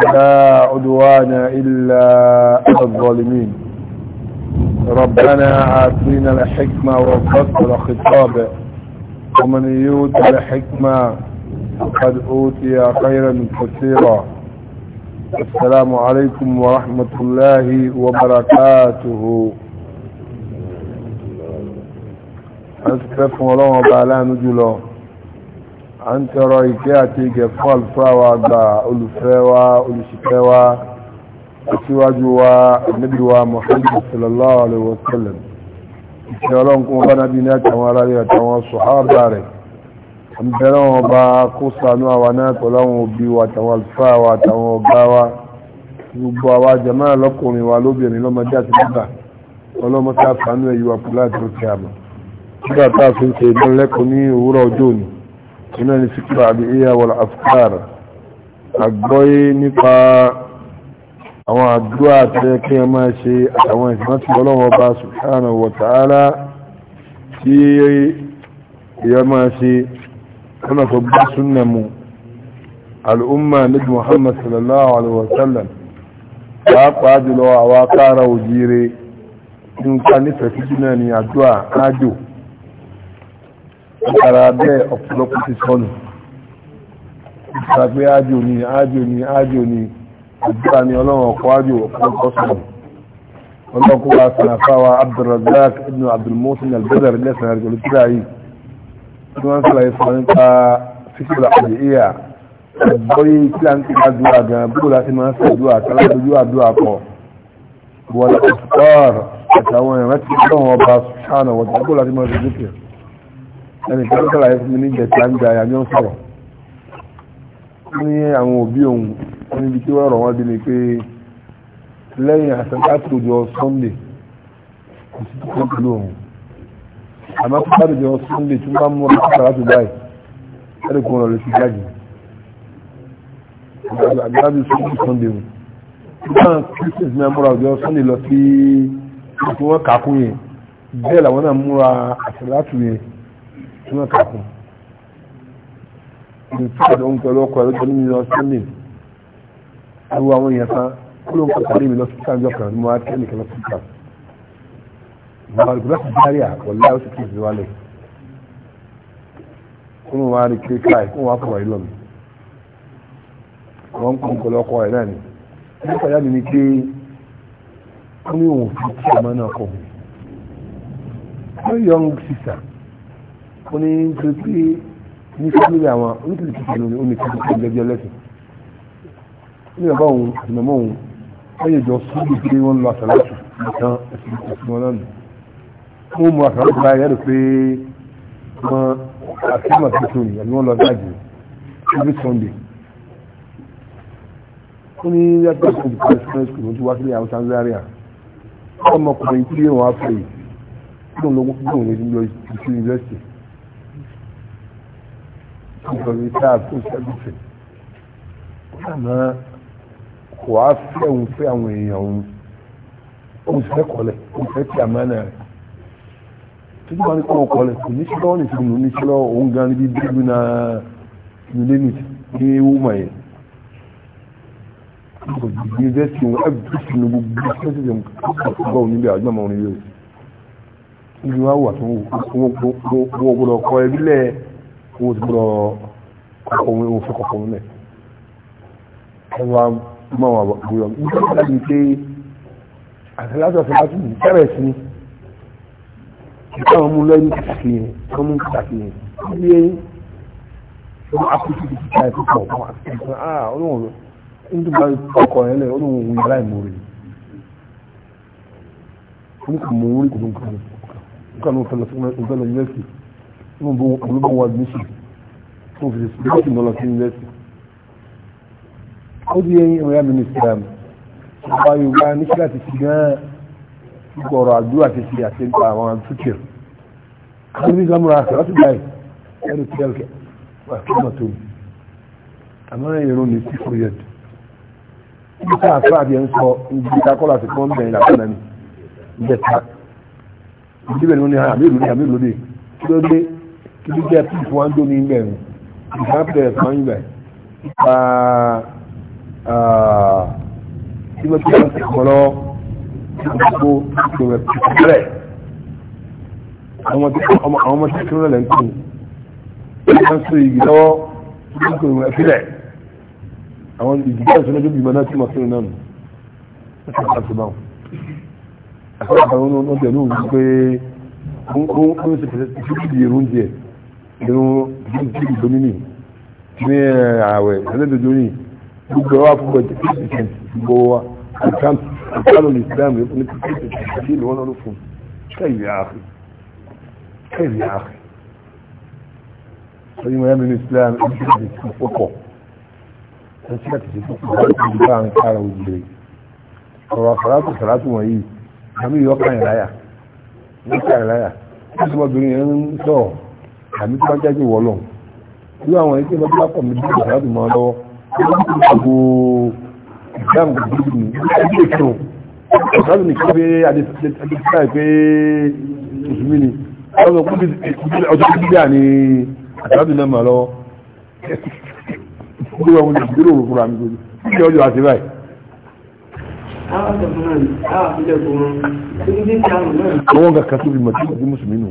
لا عدوان إلا الظالمين ربنا آتينا الحكمة وفصل خطابه ومن يوت الحكمة قد أوتي خيرا كثيرا السلام عليكم ورحمة الله وبركاته أسكركم الله وبعلا نجلو a ń tọrọ ìkẹ́ àti ìgẹ̀ fún àlùfáà wa àgbà olùfẹ́ wa olùṣìfẹ́ wa aṣíwájú wa ànábì wa Muhammad sallallahu alaihi wa sallam ìṣẹ́ ọlọ́nkún bá nábi ní àtàwọn ará rẹ̀ àtàwọn sọ̀hábà rẹ̀ ń bẹ̀rẹ̀ wọn bá kó sànú àwa náà pẹ̀lú àwọn òbí wa iná ni síkírà àbí ìyàwó afkar àgbọ́yé nípa àwọn àdúrà tẹ́ kí ẹ máa ṣe àtàwọn ìsìnmọ́tí ọlọ́wọ́ bá subhanahu wa ta'ala tí ìyà máa ṣe ọ̀nà tó bá súnnà mu al'umma níbi muhammad sallallahu alaihi wasallam pàápàá jùlọ àwọn akára òjire nǹkan nífẹ̀ẹ́ sí jùlọ ni àdúrà ájò látara bẹ́ẹ̀ ọ̀pọ̀lọpọ̀ ti sọnù ìgbàgbé ájò ni ájò ni ájò ni àdúrà ni ọlọ́run ọkọ̀ ájò ọ̀pọ̀lọpọ̀ sọnù ọlọ́kọ̀ wa sànàfáwa abdulrazak ibn abdulmohsen albazar lẹ́sàn àrẹ̀gbẹ̀lú tíra yìí tí wọ́n sọ̀rọ̀ ìfọ̀ nípa fífúra àjẹ́ ìyà ẹ̀gbọ́rí tí a ń kí àdúrà gan bó láti máa ń sàdúrà kálábójú àdúrà pọ̀ wọ́n lọ́kọ̀ àtàwọn ìrántí ẹni tó sọ̀rọ̀ ayé fún mi ní ìjẹta ń gba àyàmí ń sọ̀rọ̀ ní àwọn òbí òun níbi tí wọ́n rọ̀ wọ́n bí ni pé lẹ́yìn àtàkùjọ sunday kò sí tó pẹ̀lú òun àmọ́ kúkàdùjọ sunday tí wọ́n mú ọdún kúkà láti báyìí ẹni kò rọ̀ lè fi jáde àgbàdo sunday sunday òun nígbà christians náà múra ọjọ́ sunday lọ sí ìtúwọ́n kàkún yẹn bẹ́ẹ̀ làwọn náà múra àtàlátù yẹn tí wọ́n kà fún ní fúkà tó ń pẹ̀lú ọkọ̀ ẹ̀rọ tó ní mi lọ sunday awo àwọn èèyàn kan kó ló ń kọ̀ tàbí mi lọ sí káńjọ kan ní mo á tẹ́ nìkan lọ sí ká mo á rí gbọ́dọ̀ sí dárí àkọlá ó sì kí ìdíwá lẹ̀ kó ló wá rí kí káì kó wá mi wọ́n ń kọ́ nǹkan lọ́kọ̀ náà ni nípa ìyá mi ni pé ó òun fi kí ọmọ náà kọ̀ mi yọ ń sísà ó ní nítorí pé ní fámìlì àwọn oníkìlì kìkì ní omi kìkì kìkì lẹ́bí ọlẹ́sìn ní bàbá òun àti màmá òun wọ́n yẹ jọ sóbi pé wọ́n lọ àtàlátù nìkan ẹ̀sìn ẹ̀sìn wọn lánàá wọ́n mú àtàlátù báyìí lẹ́rù pé wọ́n àtìmọ̀ tuntun ni àbí wọ́n lọ dájú every Sunday ó ní yàtọ̀ sí ìdíkọ̀ ìsìnkú school ló ti wá sílé àwọn Tanzania ọmọkùnrin tí wọ́n á fẹ́ yìí lóun ló gbóhùn lójú lọ sí yunifásitì nítorí tá a tó sẹ́gùsẹ̀ àmọ́ kò á fẹ́ òun fẹ́ àwọn èèyàn òun òun fẹ́ kọ́lẹ̀ òun fẹ́ kí àmọ́ náà rẹ̀ títí wọn ní o kọ́lẹ̀ kò ní sílọ́wọ́ ní sílọ́wọ́ ní sílọ́wọ́ òun gan níbi bíbí na nílé ní ní wúmọ̀ yẹn kò jù ní yunifásitì wọn ẹbí tó sinú gbogbo yunifásitì wọn kò gbọ́ òun níbi àwọn ọmọ òun níbi òun ìlú wa wà tó wọ́n gbọ́dọ̀ kọ́ ẹbí lẹ́ẹ̀ owó ti gbọ́dọ̀ kọ̀kọ̀wé òfin kọ̀kọ̀wé lẹ̀ ẹwà mọ́wà bóyọ̀ nítorí láti pé àtàlátọ̀ àtàlátọ̀ bẹ̀rẹ̀ sí ìta ọmú lẹ́yìn kàkì yẹn ọmú kàkì yẹn bí i ọmọ akutu ti ta ẹ̀kọ́ pọ̀ ọmọ akutu ti ta ah olóhùn nígbà ọkọ̀ yẹn lẹ̀ olóhùn òun yàrá ìmúre ní kò mú orí kò tó ń kàn ní kò tó ń kàn ní òfin lọ sí olóbó wọn admission tó fi ṣe lọ́lọ́ sí university ó di ẹyin ọ̀yá mi ní islam ọba yorùbá níṣẹ́ láti fi gan ipò ọ̀rọ̀ àdúrà ti fi àti nípa àwọn àtúntìr àwọn ní ìsàmúra àṣẹ láti gbà ẹrù tí ẹrù kí ọmọ tó àmọ́ ìrún ní six hundred nípa àṣọ àti ẹ̀ ń sọ ibi kakọ́lá àti kọ́ńbẹ̀rin làkọ́nà mi ìjẹta ìdíbẹ̀ ni wọ́n ní àmì ìlú ní àmì ìlú ní kí ló dé kìí jẹ́ píp wá ń dó ní ilẹ̀ rẹ̀ ìgbàpẹ̀rẹ̀ fún ilẹ̀ nípa tí wọ́n ti wọ́n ti kọ́ lọ gbogbo ìpò rẹ̀ pẹ̀lẹ̀ àwọn ọmọ tí kí wọ́n lẹ̀ ń kú wọ́n sọ igi lọ́wọ́ ìpò rẹ̀ fílẹ̀ àwọn ìdíjẹ́ ìṣẹ́ lójú bímọ náà tí wọ́n fẹ́ràn náà nù wọ́n ti pàṣẹ báwọn àti àwọn ọmọ ọdẹ lóhùn pé ó ń ṣe pẹ̀lẹ́ ìṣẹ́ ìdí ìrún ìdíjú ní ní ààwẹ̀ ẹlẹ́dọ̀dọ̀ ní gbogbo wa fún ọjọ́ pẹ́sìtẹ̀n gbogbo wa àtàlù islam ní pẹ́sìtẹ̀n àti ìlú wọn lọ́rọ̀ fún kẹ́yìí ààfẹ́ kẹ́yìí ààfẹ́ ọdún mọ̀ yẹ́mi ní islam ní pẹ́sìtẹ̀n púpọ̀ ẹni tí láti ṣe púpọ̀ láti bá ń kára òjìrè àmì tí wọ́n jáde wọ́ lọ irú àwọn ẹgbẹ́ ìlọ́dún bá pọ̀ mí bí ìgbà láti máa lọ́wọ́ gbogbo ìdáhùn kò dúdú ní ẹgbẹ́ ìkírun ìdáhùn ní kí adéṣíṣà pé mùsùlùmí ni ọjọ́ gbígbé àní àtàládùn náà máa lọ́wọ́ gbogbo àwọn ìgbéró òfurufú àmì gbogbo kí ọjọ́ àti báyìí àwọn kankan tó bí mọ̀ tí mùsùlùmí nù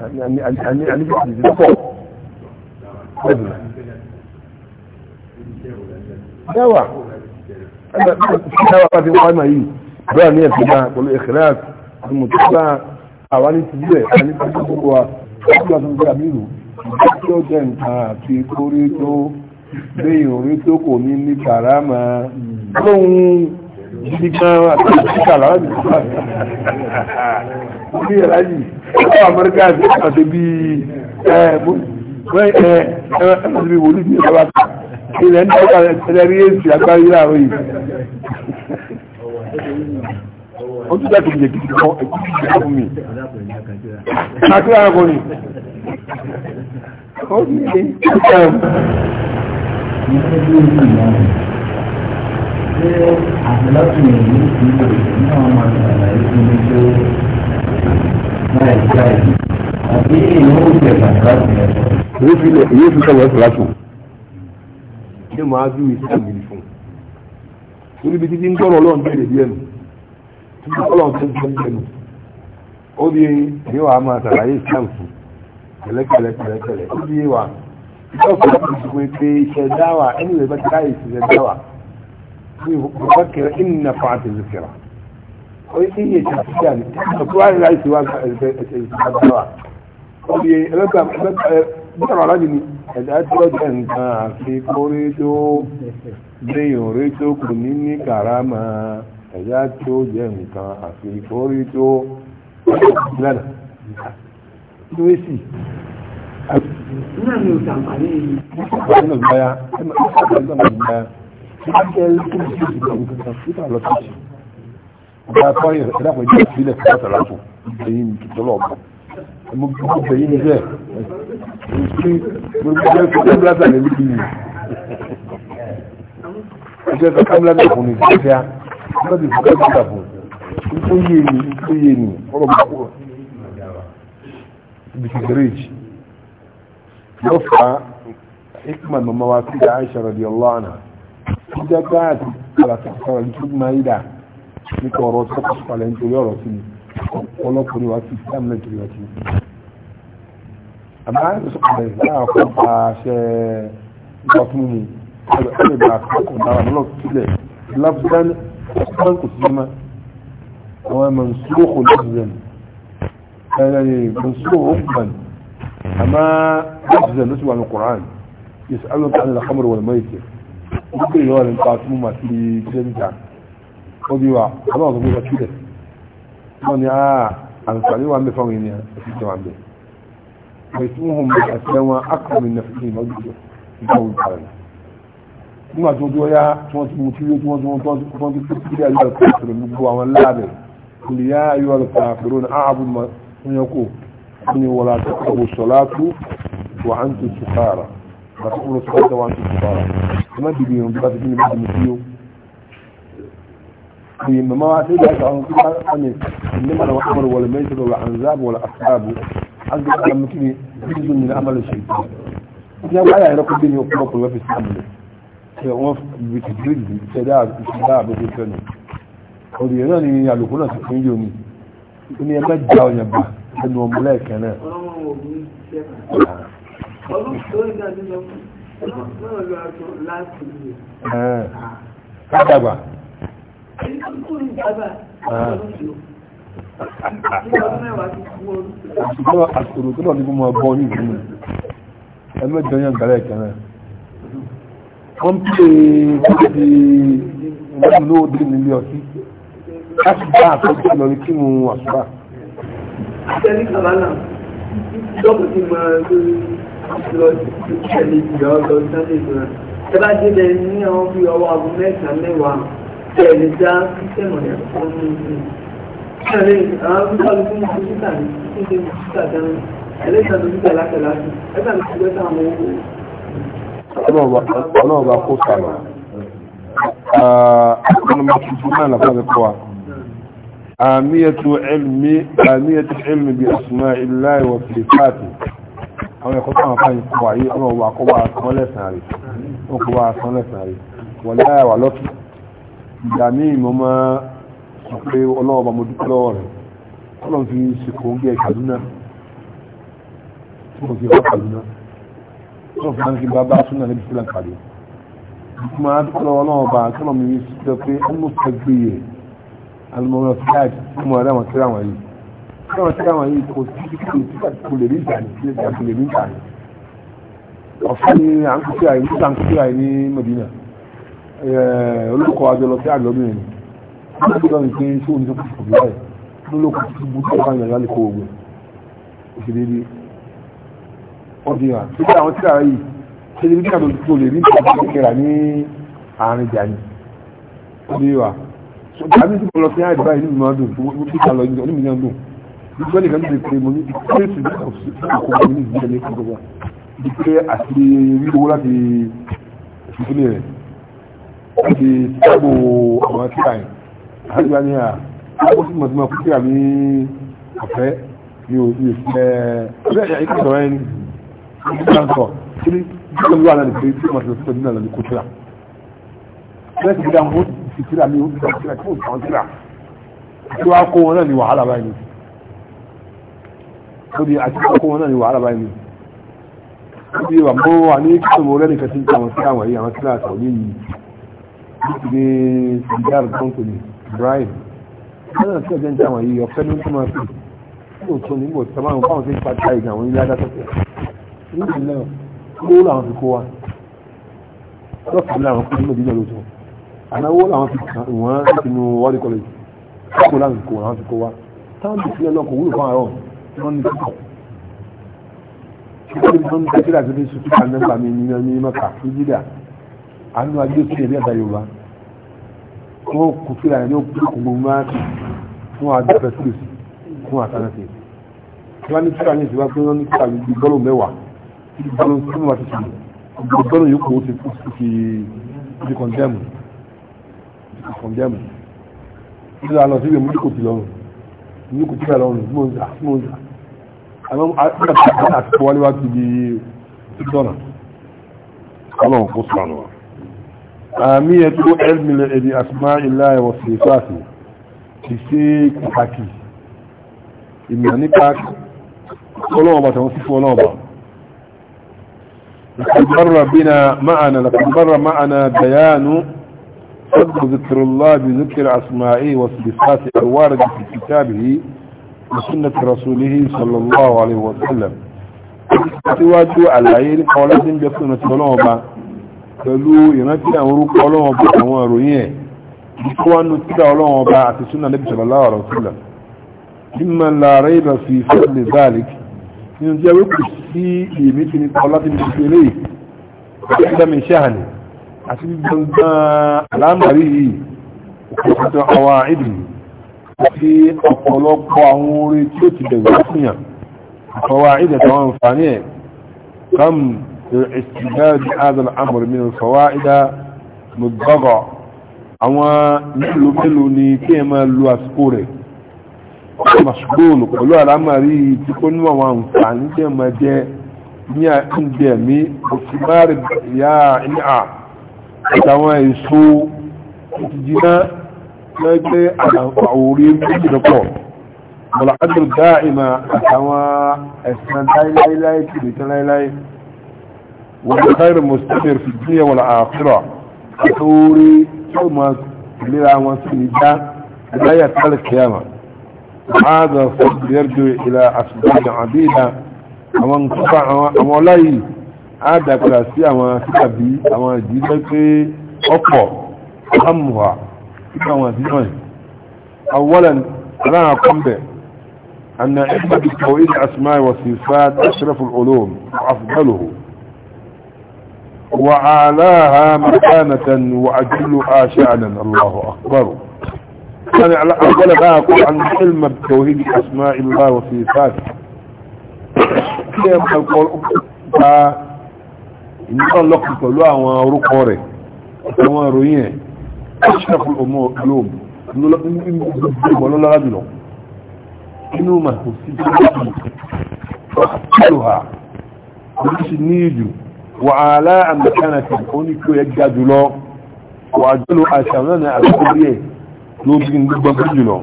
àníbi ìdí pọ̀ ẹ̀dùn. dáwà ẹ̀dà tí dáwà bá ti wáyé yìí bẹ́ẹ̀ ní ẹ̀sìn náà pẹ̀lú ìkìlẹ̀ àmùtúgbà àwa ní ti bílẹ̀ àní ti tó gbogbo wa ọdún àti gbogbo àmì ìlú ìjọ tí ó jẹ́ nǹkan àti kórè tó léyìn orí tó kò ní ní kàrámà lóhun gidi gan àti ọ̀rọ̀ amẹ́ríkà ti pàṣẹ bí ẹ̀ẹ́dẹ́gbẹ̀rún bí wòlíì ní ìjọba ilẹ̀ ní ọ̀gá ẹ̀ẹ́dẹ́ rí èsì agbárí láàárọ̀ yìí ó tún dákì jẹ́ kìkì kan ẹ̀kìkì jẹ́ fún mi àti ààrùn ni ó ní ẹ̀kìkì ààrùn èyí fi kọlọ ẹsẹ̀ lásán ṣé màá ju islam yìí fún un níbi títí ń tọrọ Ọlọ́run tẹ́lẹ̀ díẹ̀ nù títí Ọlọ́run tẹ́lẹ̀ díẹ̀ nù ó di ní wàá máa ṣàlàyé islam fún pẹ̀lẹ́pẹ̀lẹ́ pẹ̀lẹ́pẹ̀lẹ́ ó di wà ìjọ kò tó ti pé pé iṣẹ́ dáwà ẹni rẹ bá ti ráyè ìṣiṣẹ́ dáwà ní ìfọkẹrẹ ìnìyàn fún àti ìṣiṣẹ́ rà orí tí iye tí a ti jà ní ọ̀tún wá nílá ìṣe wá ẹ̀ṣẹ̀ ìṣẹ̀lẹ̀ wa oye ẹlẹ́gbà bọ́ọ̀rọ̀ aláàjì ni ẹ̀dá tí ó jẹ́ nǹkan àfi kórí tó gbẹ̀yìn orí tó kù ní ní kàrámà ẹ̀dá tí ó jẹ́ nǹkan àfi kórí tó lẹ́nà tó é sì. náà ni òṣàǹfààní yìí. wọ́n ti ń gbáyà ẹ̀ máa ń sábà ń gbáyà. wọ́n ti ń gbáyà ọba ẹ̀kọ́ yẹ ẹ̀dàpọ̀ ìdí ìbílẹ̀ tó bàtà látò ẹ̀yìn tọ́lọ̀ ọ̀gbọ̀n mo gbọ́ ẹ̀yìn níbẹ̀ ẹ̀sìn gbogbo ẹ̀kọ́ tó ń blázà lẹ́nu bí mi ẹ̀jẹ̀ ẹ̀kọ́ tó ń blázà fún mi ṣẹ́fẹ́ á ọba ti fún ẹ̀kọ́ tó fún ó yé mi ó yé mi ọ̀rọ̀ mi kúrò ibi ti gírèjì yóò fa hikma mama wa sí Aisha radiyallahu anha ti jẹ́ káàtì kàlàtà sọ̀rọ̀ ní nípa ọ̀rọ̀ tó kọ́ palẹ̀ nítorí ọ̀rọ̀ sí mi ọlọ́kùnrin wa ti sí àmì nítorí wa ti. àmọ́ àyẹ̀wò sọ̀rọ̀ yìí láà kọ́ pa ṣẹ́ nípa fún mi ẹ̀rọ ìgbà àkọ́kọ́ dára mọ́lọ́ sílẹ̀ lábúdán ọ̀sán kò sí mọ́ àwọn ẹ̀mọ̀ nsúrò kò lọ́sùn منصور ربما أما يجزى نسبة عن القرآن يسألك عن الخمر والميت ممكن يقول أن تعطموا ما في جنجة ó bí wa àwọn ọ̀gbọ́n gbogbo sílẹ̀ wọ́n ni àà àǹfààní wà ń bẹ fáwọn ènìyàn àti ìjọba ń bẹ wọ́n ti mú hùmù àti ẹwọn akọ̀mí na fi ìmọ̀ gbogbo ìjọba ń bẹ̀rẹ̀ nígbà tó dúró yá tí wọ́n ti mú kí tí wọ́n ti mú tí wọ́n ti fi kílẹ̀ ayé ọ̀kọ̀ àtọ̀rọ̀ gbogbo àwọn láàbẹ̀ kùlì yá ayé ọ̀kọ̀ àtọ̀rọ̀ ní ààbò mọ̀nyẹ́kọ̀ ni wọ́n ti kọ̀ sọ̀láàtú wà á ń tu sùkárà àti kúrò sọ̀láàtú wà á ń tu sùkárà ẹ má dìbò yẹn bí wọ́n ti fi ní bá ti mú kí yóò في مواعيد عن عن انما الامر والميت والعذاب والاسباب عند لما كده يجوز من عمل الشيطان يا وعي انا كنت بيني وقرب ما في السامل هو بتجريد بتداب بتداب بتداب قد يراني يا لكنا تكون يومي أنا ما جاوا يا با انه ملائكه انا Ẹ dàgbà àṣùgbọ́n àṣùrò tó lọ ní gbọ́mọ̀ ọgbọ́n ní ìlú ẹmẹ́jọ yàn gbẹ̀rẹ̀ ìkẹrẹ wọ́n pè é kí ló dé nílé ọtí láti àtọ́jú lọ ní kí mo àṣùbà. àtẹ́lí ní àwọn ẹ̀lẹ́ já sísẹ́mù rẹ̀ fún mi. Ẹ̀rẹ́ àwọn akúkọ̀lù fún mọ̀síkà ní ṣíṣe mọ̀síkà dáná. Ẹlẹ́sàn tó dúkà lákẹ̀lá sí. Ẹgbà mi ti gbé sáà mọ́ owó. Ọlọ́run bá kó sàlọ̀. Ọlọ́run bá kó sàlọ̀ آمية علم آمية العلم بأسماء الله وصفاته àwọn ẹ̀kọ́ tó àwọn fáyín kọwàá yí ọlọ́wọ́ الله sanlẹ̀ sàárì wọ́n kọwàá sanlẹ̀ ìgbà míì mọ́ máa sọ pé ọlọ́wọ́ bá mo dúpẹ́ lọ́wọ́ rẹ̀ ọlọ́run fi ṣèkò ń gẹ Kaduna tí mo fi wá Kaduna ọlọ́run fi máa ń fi bá bá súnà níbi sílẹ̀ kàdé kuma dúpẹ́ lọ́wọ́ ọlọ́wọ́ bá kí ọlọ́run mi sọ pé ọmọ sẹ́gbẹ́ yẹ alimọ́nà fúláàtì tí mo rẹ́ wọn kíra wọn yìí kíra wọn kíra wọn yìí kò sí kò lè rí ìtàn kò lè rí ìtàn ọ̀fẹ́ ni à ń kú sí àyè ní Madina. Eh, olùkọ́ àjọ lọ sí àgbọ̀mí ẹni nígbà tó ń pín tí òun tó kù kù láì lólókù tí bú tó bá yàrá lè kó ogun òṣèré bí ọdí hàn tí bí àwọn tíra yìí ṣe lè bí àwọn tó lè rí nǹkan tó kẹra ní àárín jàní ọdí wà so jàmí tí mo lọ sí àìdí báyìí nínú máa dùn tó wọ́n kíkà lọ ní mi náà dùn nígbà nìkan tó lè pè mo ní ìpínlẹ̀ sí ìkókò ní ìgbésẹ̀ ní ìkókò ìpínlẹ̀ àti wíwọ́ láti ìpínlẹ̀ rẹ̀ láti sábò àwọn tíra yìí àgbà ní à ó sì mọ̀tí mọ̀ fún tíra ní ọ̀fẹ́ ní òsì ìfẹ́ ọ̀fẹ́ ẹ̀yà ìkọ̀ sọ̀rọ̀ ẹni nígbà sọ̀ kí ní kíkọ̀ ló wà náà nìkan tí mọ̀tí sọ̀rọ̀ nínú àlọ́ ní kò tíra bẹ́ẹ̀ sì gbígbà mú sí tíra ní òsì tíra tí ó sàn tíra tí wàá kó wọn náà ní wàhálà báyìí ó di àti kó wọn náà ní wàhálà báyìí ó di wà mọ́ wà ní kíkọ̀ mọ́ lẹ́nìkan tí ń ta àwọn tíra wọ̀nyí àwọn tíra àtàwọn yìí ní cigar company brian lọ́nà tí ọjọ́ ń jẹ́ àwọn yìí ọ̀fẹ́ ló ń túnmọ̀ sí ó tó ní ìgbò tọ́lá àwọn báwọn tí ń pa táì gan àwọn ilé adásọ́tẹ̀ nígbà náà owó làwọn fi kó wa lọ́ọ̀kì làwọn kó nínú ìdílé lóṣù àná owó làwọn fi kàn wọ́n láti nu wọ́ọ̀dì college kókó làwọn kó làwọn fi kó wa táwọn bí sílẹ̀ lọ́kọ̀ wúlò fún àárọ̀ wọ́n ní kíkọ̀ ṣùgbọ́n ní wọ́n ní kíkọ̀ àánú ajé òkúrẹ̀ bí àdá yorùbá wọ́n kù sí àyẹ̀ ní okùnkùn máa ti fún àjọpẹ̀ sílẹ̀ fún àtànàtì tí wọ́n ní síra ní ìṣẹ́wá pé wọ́n ní síra ní bọ́ọ̀lù mẹ́wàá tí bọ́ọ̀lù tí wọ́n ti sùn gbogbo bọ́ọ̀lù yóò kó ti fún sí ti kọ̀ndẹ́mù ti kọ̀ndẹ́mù tí wọ́n lọ sí ibi mú kò sí lọ́rùn mú kò sí lọ́rùn mú ń zà mú ń ti di ọlọ́run kó sànù أهمية علم بأسماء الله وصفاته تسيك حكي إن باك قلوبة وصف قلوبة لقد مر بنا معنا لقد مر معنا بيان صدق ذكر الله بذكر أسمائه وصفاته الوارد في كتابه وسنة رسوله صلى الله عليه وسلم سواجه على عين قولة بسنة قلوبة pẹ̀lú ìrántí àwọn orúkọ ọlọ́wọ́n bá àwọn ìròyìn ẹ̀ kó wá nù títà ọlọ́wọ́n bá àti súnà níbi sọ̀rọ̀lá ọ̀rọ̀ sílẹ̀ mímọ̀ láàrẹ́ ìlọ sí ìfẹ́lẹ̀ zalik nínú jẹ́ wípé sí ìyèmí ti ní kọ́ láti ní ìfẹ́lẹ̀ yìí ìdámi sáàni àti gbọ̀ngàn alámàrí yìí òkùnkùn لاستجاب هذا الأمر من الفوائد مضغة àwọn mélòó mélòó ni kí ẹ máa lo àsìkò rẹ̀ masukoolu pẹ̀lú àlámàrí tí kò ní àwọn àǹfààní tí ẹ máa jẹ ní àìndí ẹ̀mí òsìmárì ìyá ní à àtàwọn èso ìjìnà lẹ́gbẹ́ àwòrí méjìlélọ́pọ̀ mọ̀lá àdùn dáìmà àtàwọn ẹ̀sìn láíláíláí kìrìtẹ́ láíláí والخير مستمر في الدنيا والآخرة أتوري ثم لرا وسيدا لا يتعلى القيامة هذا صد يرجو إلى أسباب عديدة ومن قطع مولاي هذا كلاسي أما كتبي أما جيدك أقوى أهمها كما هو زمان أولا أنا أقوم به أن علم بالتوحيد أسماء وصفات أشرف العلوم وأفضله وعلاها مكانة وأجلها شعلا الله أكبر أنا على أقول بقى عن حلم بتوهيد أسماء الله وصفاته كيف القول أبقى إن شاء الله قلت له أنا رقوري أنا رويه أشرف الأمور اليوم ولا لا رجل إنه ما هو سيجي وحتلها وليس نيجو وعلى مكانة كونك يجد له وعجل أشامنا الكبرية لوبين ببن له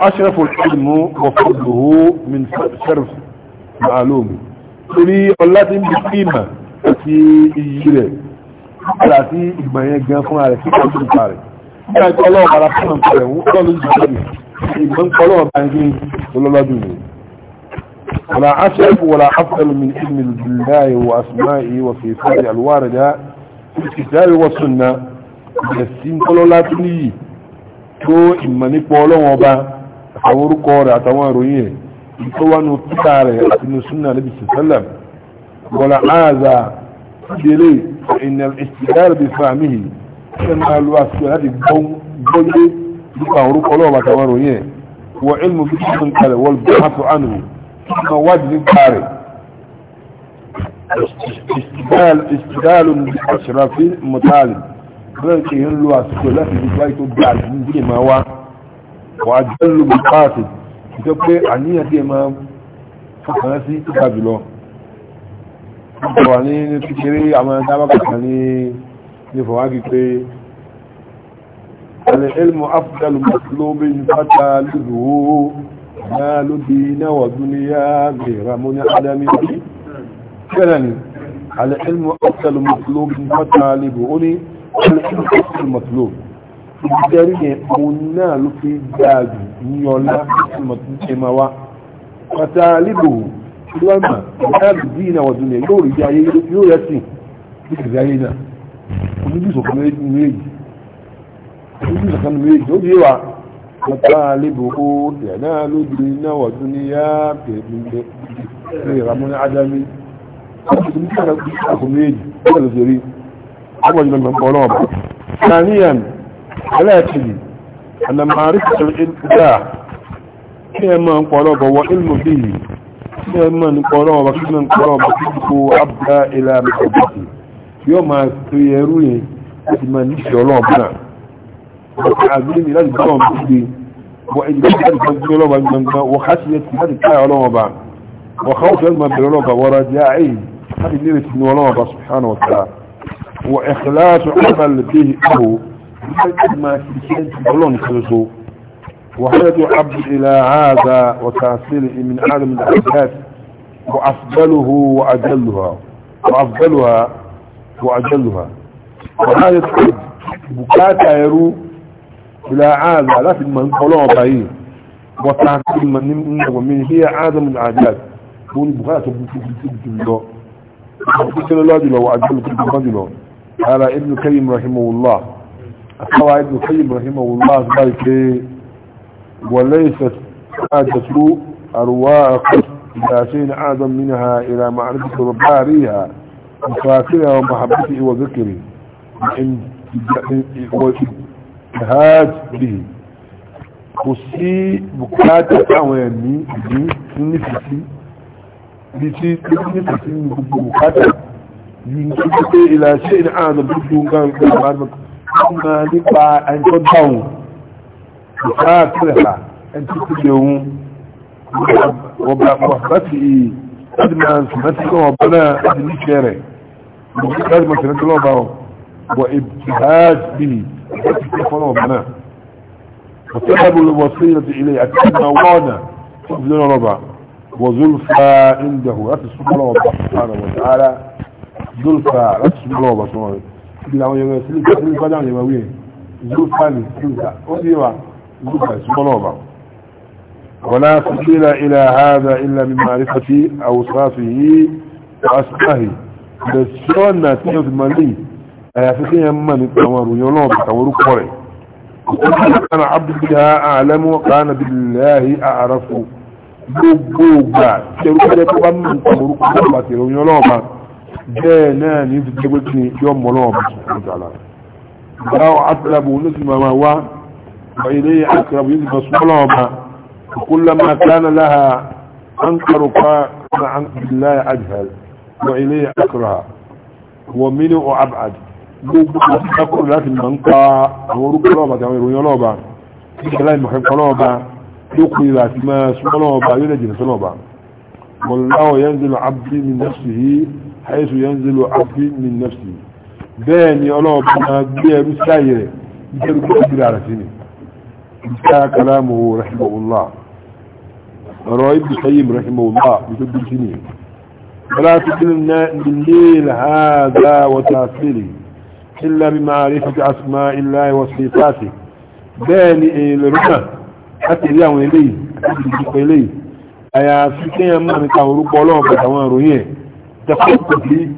أشرف العلم وفضله من شرف معلوم torí ọlá tí ń bí fíìmà àti iyì rẹ̀ nígbà tí ìgbà yẹn gan fún ààrẹ tí kọjú ìpa rẹ̀ nígbà tí ọlọ́ọ̀bára fún àǹkọ̀rẹ̀ ń kọ́ lójú ìgbà ìgbà ń kọ́ lọ́ọ̀bá ẹgbẹ́ olólọ́dún yìí ولا أشرف ولا أفضل من علم الله وأسمائه وصفاته الواردة في الكتاب والسنة يسين قالوا لا تنيي tó ìmọ̀ní pọ̀ ọlọ́wọ́n ọba àtàwọn orúkọ rẹ̀ àtàwọn ìròyìn rẹ̀ tó wá ní òkúta rẹ̀ àti ní súnà níbi sẹ̀sẹ̀lẹ̀ bọ̀lá ààzà délé ìnà ìsìdáàrì bí fàmìlì ṣe máa lo àṣìkò láti gbọ́yé nípa orúkọ ọlọ́wọ́ àtàwọn ìròyìn rẹ̀ wọ ilmu bí kí n kalẹ̀ wọ́n bá tó ànú ثم وزن بارد استدال استدال بأشرف المطالب بلك ينلو أسكولة في بيت الدعس من دي ما هو وأجل بالقاسد يتبقى عنية دي ما فخلصي تقابله وعنين تكري عما نتابق عني نفواقي كي العلم أفضل مطلوب فتى لذوه مال الدين ودنيا غير منعدم على علم أفضل على علم أفضل مطلوب ìdẹ́rí yẹn òun náà ló fi dáàbì ní ọlá ìmọ̀túnṣẹ́mọ́ wa pàtà líbò lọ́nà ìdáàbì bí ìnà ọ̀dún yẹn yóò rí bí ayé yóò rẹ̀ sí ìrìn ayé náà oníbìsọ̀kan méjì oníbìsọ̀kan méjì ó bí wa وطالبه ينال الدين والدنيا بغير من عدم ثانيا على تجي أن معرفة الإبداع كما انقلب وعلم به كما انقلب وكما انقلب كتبه أبدا إلى محبته يوم يروي أجمل نشي الله بنا وتعذيم إلى الجوم به وإن جدا وخشية هذه الآية علومة وخوف يلمى بالعلومة ورجاعيه هذه نيرة العلومة سبحانه وتعالى وإخلاص عمل به أبو ما كنت بلون خلصوا وحياة عبد إلى هذا وتحصيله من عالم الأحداث وأفضله وأجلها وأفضلها وأجلها وحياة عبد بكاتا يروه إلى عادة لا من قولوا بعيد وتعطيل من من هي عادة من العادات كون بغاية تبتل قتل الله على ابن كريم رحمه الله قال ابن كريم رحمه الله ذلك وليست حاجة أرواق إلى عادة منها إلى معرفة رباريها وفاكرها ومحبته وذكره hajj bíi kò sí bùkátà táwọn ẹ̀mí ìdí nífìsí bí tí nífìsí ní gbogbo bùkátà yìí ní tó pé ìlà ṣe ní ààrùn gbogbo nǹkan ìgbàgbọ́ ọmọ nípa ẹ̀ńtọ́ dáhùn ìfà àtìlẹ̀fà ẹ̀ńtọ́ tó lè hun ọba láti láti máa sùmẹ́tì kan ọba náà láti nífẹ̀ẹ́ rẹ̀ láti máa sùmẹ́tì kan ọba wọn wọ ìbáàjì bíi فلو بناه وطلب الوصيلة إليه أكيد مولانا تفضل ربع وزلفى عنده أتسمى ربع سبحانه وتعالى زلفى أتسمى ربع سبحانه وتعالى إلا ويسلك تسلك بدعم يمويه زلفى لسلك أديوا زلفى سبحانه ربع ولا سبيل إلى هذا إلا من معرفة أوصافه وأسمائه بس شوانا تنظم ليه àyàfi kí yẹn mọ̀ nípa àwọn àròyìn ọlọ́run bàtà orúkọ rẹ̀ kọ́nà abdulá àlẹ́mú kánà bíláhì àràfò gbogbo ògbà tí orúkọ jẹ́ tó bá mọ̀ nípa orúkọ ọlọ́run bàtà ìròyìn ọlọ́run bá bẹ́ẹ̀ náà ní ti gbégbé kí yọ mọ̀ ọlọ́run bàtà ìròyìn ọlọ́run bàtà ní ti máa wá wà ilé àtìlábù yìí ti bá súnmọ́ ọlọ́run bá kúlọ́mà kánà láha أنكر كان عن بالله أجهل وإليه أكره ومنه أبعد gbogbo àti kakúrò láti mọ̀ ń pa àwọn orúkọ lọ́ọ̀bà àti àwọn ìròyìn ọlọ́ọ̀bà nígbà láì mọ̀kẹ́ kọ́ lọ́ọ̀bà tí ó kúrò láti máa súnmọ́ lọ́ọ̀bà yóò lẹ́jìnà sọ́lọ́ọ̀bà wallahu yanzilu abdi min nafsihi haythu yanzilu abdi min nafsihi bẹ́ẹ̀ ni ọlọ́ọ̀bà máa gbé ẹrú sáyẹ̀ rẹ̀ nítorí pé ìdíra rẹ̀ sí ni ìdíra kalamu rahimahullah ọ̀rọ̀ ibi sayyid rahimahullah nítorí bí sí ni ولا تكلمنا بالليل هذا وتاثيره إلا بمعرفة أسماء الله وصفاته باني الرمى حتى اليوم إليه حتى إليه أيا سكين أما نتاو ربولون بتوان روين تفكت لي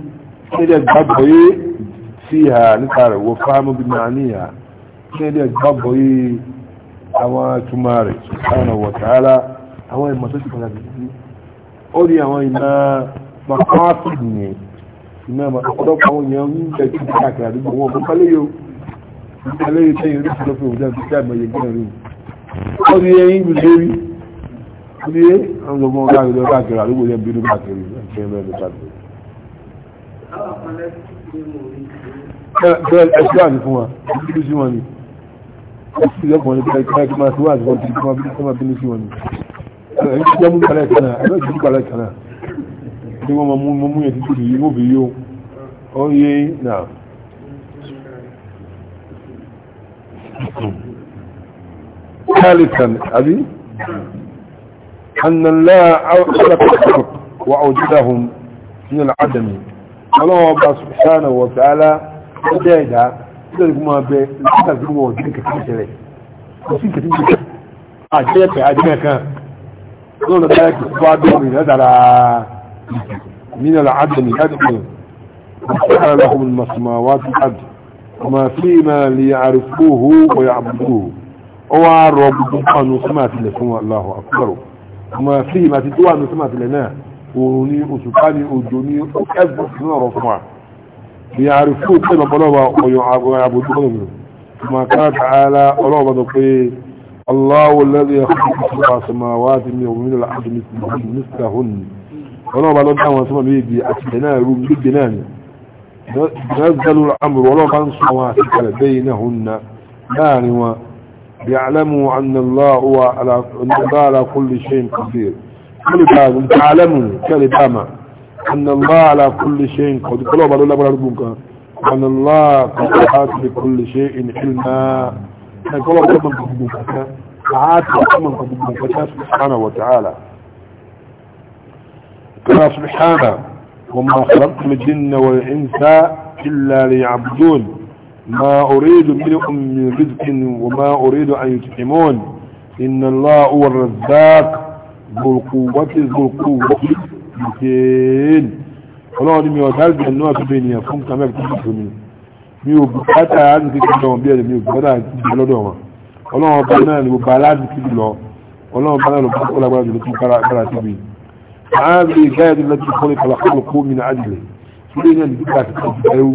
كده جبهي فيها نتعرف وفهم بمعنيها كده جبهي أوا تماري سبحانه وتعالى أوا ما تشكنا بيه أولي أوا ما مقاصد iná ọ̀pọ̀lọpọ̀ àwọn èèyàn ń bẹ̀ tí ó káàkiri àdúgbò wọn kò kálé yóò kálé yóò tẹ́yìn orí ìfìlọ́fẹ́ òjò àti tí àmọ́ yẹn gbẹ̀rẹ̀ rí ó ní ẹyìn ìlú lérí ó ní àwọn ọmọ káàkiri lọ káàkiri àdúgbò yẹn bínú káàkiri ẹ̀ṣẹ́ mẹ́rin lọ káàkiri. bẹ́ẹ̀ ẹ̀ṣọ́ àti fún wa bínú sí wọn ni ẹ̀ṣọ́ ìlọ́pọ̀ ní pẹ́ẹ́kí kí máa síwájú wọn kí máa bínú sí wọn ni ẹ̀ṣọ́ ìjọba mú kálẹ̀ kan náà ẹ̀ṣọ́ ìjọba mú kálẹ̀ kan náà oye na ثالثا أبي أن الله أخلق الخلق وأوجدهم من العدم الله سبحانه وتعالى جاء ذلك ما به لا تزور ذلك كثير وسيك تجي أجيك أجيك قلنا ذلك بعد من هذا من العدم هذا وسخر لهم السماوات والأرض وما فيما ليعرفوه ويعبدوه هو رب سبحانه سمعت لكم الله أكبر وما فيما تدوان سمعت لنا وروني وسبحاني ودوني وكذب سنة رسمع ليعرفوه كما بلوبة ويعبدوه كما قال تعالى قلوبة نقول الله الذي خلق سبع سماوات من الأرض مثلهن ولو بلد أن سمع بيدي أتبناه نزل الأمر ولو كان صواتك بينهن نانوا يعلموا أن الله هو على, كل شيء قدير كلبان تعلموا كلباما أن الله على كل شيء قدير قلوب الله بربك أن الله قد أحاط بكل شيء علما قلوب الله بربك ساعات وقمن قبل سبحانه وتعالى كما سبحانه وما خلقت الجن والإنس إلا ليعبدون ما أريد منهم من رزق وما أريد أن يتحمون إن الله هو الرزاق ذو القوة ذو القوة متين ọlọ́run ni mi ọ̀dá ìgbẹ̀ náà tó bèèrè yàn fún kàmẹ́ tó bèèrè mi mi ò bùkátà láti kí kí wọn bí ẹ̀rẹ̀ mi ò bùkátà ìgbẹ̀ lọ́dọ̀ wọn ọlọ́run ọba náà ni gbogbo aláàdì kí lọ ọlọ́run ọba náà lọ bá kọ́lágbára jùlọ tó kára síbi هذه الجاية التي خلق الخلق من أجله سيدنا لذلك تتبعوا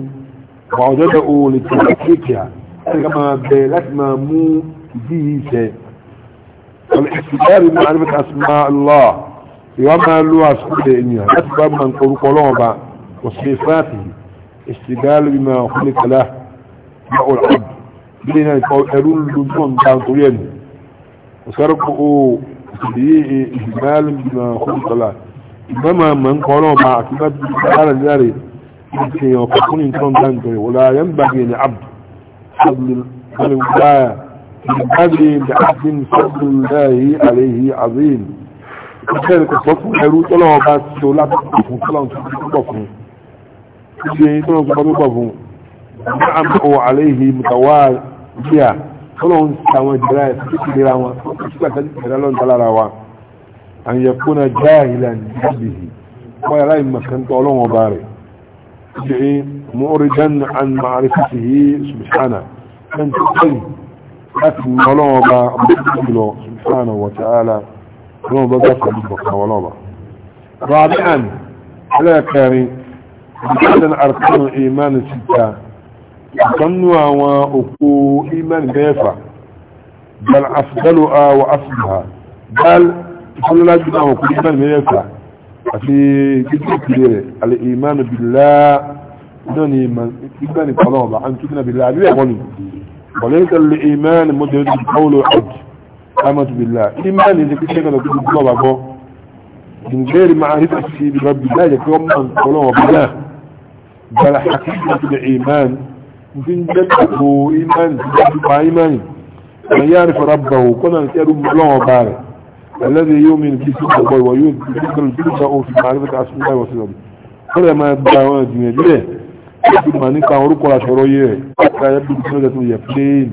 وعددوا لتحقيقها كما بيلك ما مو به شيء والاحتجار بمعرفة أسماء الله وما له أسماء إنها أسباب من طرق لعبة وصفاته استدال بما خلق له ماء العبد بين يقولون لدون كان طريقا وسرقه بما خلق له ìbámà mọ̀ ń kọ́ náà bá àtúbá ti dára dáre ìṣe ọ̀pọ̀ fún nǹkan dáńtọ̀rẹ̀ wọ́n láyé ń bàgé ní abdu abdulbaya ìbáde ní abdin sọ́dúnláyé àlèyé azim ìṣẹ́ ìkọ̀pọ̀ fún ẹrú tọ́lọ́wọ́ bá so látọ̀pọ̀ fún tọ́lọ́wọ́ tó ti pọ̀ fún ṣe tọ́lọ́wọ́ ní àmọ́ àlèyé mùtàwá bíà أن يكون جاهلا به ولا لا يمكن طوله مباري يعني مؤردا عن معرفته سبحانه من تقل أكمل الله مباري سبحانه وتعالى الله مباري سبحانه وتعالى رابعا على كاري بجد أركان الإيمان ستة تنوى وأقو إيمان بيفا بل أفضلها وأفضلها بل ìfọ́lọ́lájú náà wọ̀n kò ní mẹ́rin mẹ́rẹ̀ẹ́fà àti gbígbé rẹ̀ alẹ́ ìmánu bìlá náà ni ìgbà ní kọ́lọ́ ọba àti tún bìlá àbí ẹ̀kọ́ ni bọ̀lẹ́ ń tẹ̀lé ìmánu mọ́tẹ̀lẹ́ ti kọ́wọ́lọ́ ọ̀dì àmọ́tù bìlá ìmánu ti kí sẹ́kọ̀ọ́ kí gbọ́ ọba gbọ́ ìgbẹ́rì máa rí fàṣí ìbílá bìlá jẹ́ kí wọ́n mọ̀ kọ́lọ́ ọba náà bala الذي يؤمن بكتاب الله ويذكر الكتاب في معرفة اسم الله وصفاته kọ́lẹ̀ máa gba àwọn ìjìnlẹ̀ díẹ̀ láti mà nípa àwọn orúkọ àṣọrọ yẹ ọ̀gá ẹbí tí wọ́n jẹ́ tó yẹ plane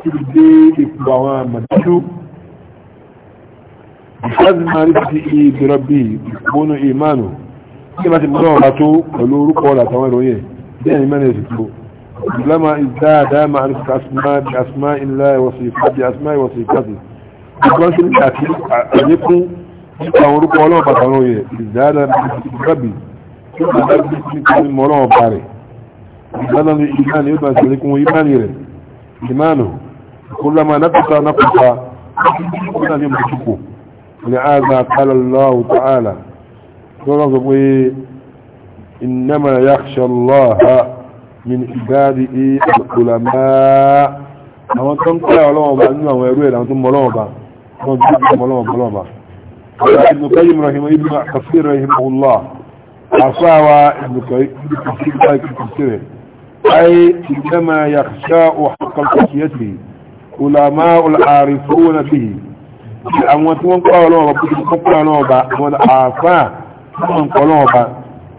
tí ó dé ipò àwọn àmàdájú láti máa rí ti ìbẹ̀rọ bí ìpónú ìmánu kí láti mọ́ ọ̀rá tó pẹ̀lú orúkọ àtàwọn ẹ̀rọ yẹ bẹ́ẹ̀ ni mẹ́rin èsìkò ìlàmà ìdáadáa máa rí asma ilá ìwọ̀sì ìfàdí asma ìwọ̀sì ìfàdí ìgbọ́n sí nígbà tí àlékún nípa orúkọ ọlọ́ọ̀bà tàwọn òye ìdáadà rábì tí ó bá bí sí kí ní mọ́ ọlọ́ọ̀bà rẹ̀ ìdáadà ní ìmáni ó bá sí àlékún ìmáni rẹ̀ ìmánu kúlámà nápùtà nápùtà kúlámà ní mọ̀túkù ní àgbà kálọ̀lọ́wù tààlà lọ́rọ̀ sọ pé إنما يخشى الله من عباده العلماء àwọn tó ń kọ́ ọlọ́wọ́ nínú àwọn ẹrú ẹ̀dá tó mọ́ ọlọ́wọ́ ابن رحمه الله عصاوى ابن قيم قصير بايك اي انما يخشى حق القصيته علماء العارفون به اموتون قولوا ربكم قبلانوا با اموت عافا اموتون قولوا با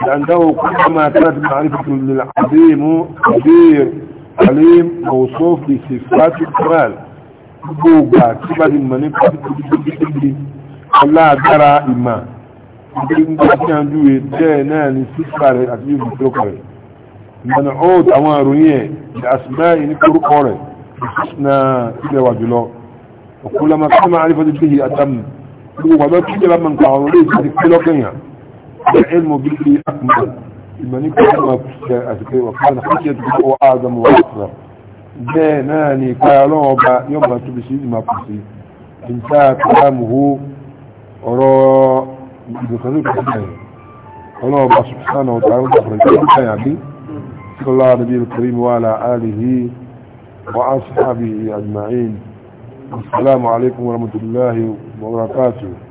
لانه كلما كانت معرفة للعظيم كبير عليم موصوف بصفات الكمال gbogbo ògbà tí bá ti mọ̀ nípa gbígbígbígbígbí ọlá agbára ìmà gbígbígbígbí tí a ń dúwe bẹ́ẹ̀ náà ni sísà rẹ̀ àti yóò fi lọ́kọ̀ rẹ̀ mọ̀nà ó àwọn àròyìn ẹ̀ ní àsìmá yìí ní kórúkọ rẹ̀ na ilẹ̀ wà jùlọ ọ̀kúnlọ́mọ kí máa rífọ́ ti bí i àtàmù gbogbo wà lọ́kí ìjọba mọ̀ nǹkan àwọn olóyè ti pé lọ́kẹ̀yà bẹ́ẹ̀ ẹ̀ mọ̀ bí i bẹ́ẹ̀ náà ni ìpáyà ọlọ́wọ́ ọba yóò bá tóbi sí ìdìmọ̀ pèsè ìta kàlámùhó ọ̀rọ̀ ìdòkànlẹ̀ ìpínlẹ̀ ọlọ́wọ́ ọba sùpùsánà ọ̀tà ọ̀tàfẹ̀rẹ̀ tó ń tàyà bí